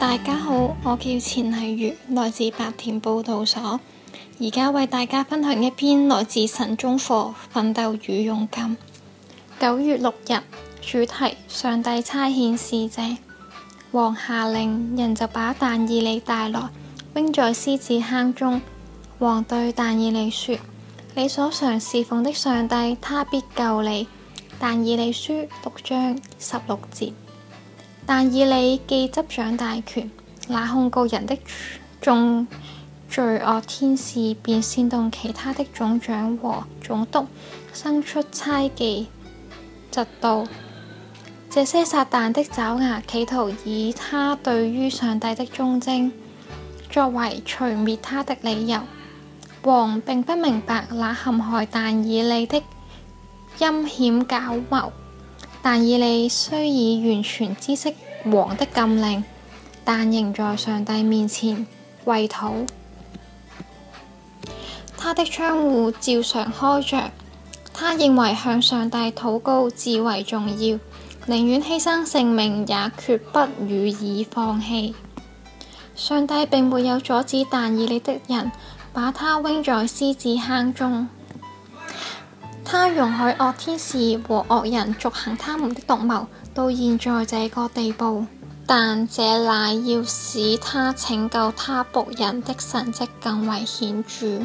大家好，我叫錢麗月，來自白田報道所，而家為大家分享一篇來自神中課奮鬥與勇敢」。九月六日，主題上帝差遣使者，王下令人就把但以理帶來，扔在獅子坑中。王對但以理說：你所常侍奉的上帝，他必救你。但以理書六章十六節。但以理既執掌大權，那控告人的眾罪惡天使便煽動其他的總長和總督生出猜忌、嫉妒；這些撒旦的爪牙，企圖以他對於上帝的忠貞作為除滅他的理由。王並不明白那陷害但以理的陰險狡猾。但以理雖已完全知識王的禁令，但仍在上帝面前為禱。他的窗戶照常開着，他認為向上帝禱告至為重要，寧願犧牲性命也決不予以放棄。上帝並沒有阻止但以理的人把他扔在獅子坑中。他容許惡天使和惡人續行他們的毒謀，到現在這個地步，但這乃要使他拯救他僕人的神蹟更為顯著，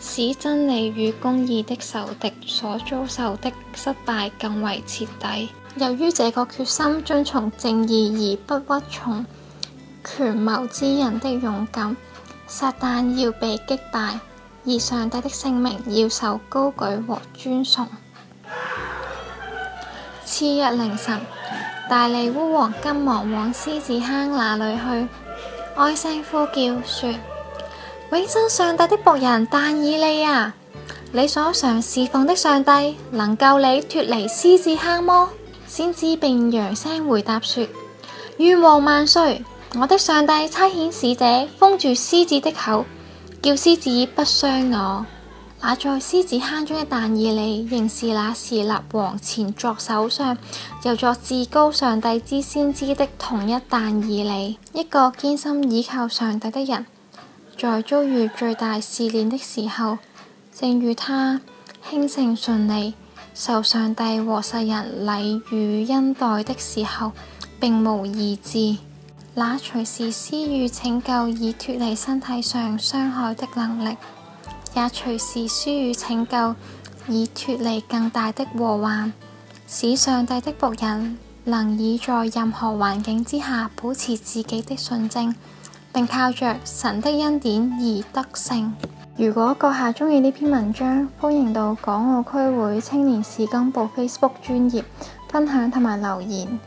使真理與公義的仇敵所遭受的失敗更為徹底。由於這個決心遵從正義而不屈從權謀之人的勇敢，撒旦要被擊敗。而上帝的聖名要受高舉和尊崇。次日凌晨，大利烏王急忙往獅子坑那裡去，哀聲呼叫說：永生上帝的僕人但以理啊，你所常侍奉的上帝能夠你脱離獅子坑麼？先知并揚聲回答說：願王萬歲！我的上帝差遣使者封住獅子的口。叫獅子不傷我，那在獅子坑中一但以理，仍是那時立王前作首相，又作至高上帝之先知的同一但以理。一個堅心倚靠上帝的人，在遭遇最大試煉的時候，正如他興盛順利，受上帝和世人禮遇恩待的時候並無二致。那隨時施予拯救以脫離身體上傷害的能力，也隨時施予拯救以脫離更大的禍患，使上帝的僕人能以在任何環境之下保持自己的純正，並靠着神的恩典而得勝。如果閣下中意呢篇文章，歡迎到港澳區會青年事工部 Facebook 專頁分享同埋留言。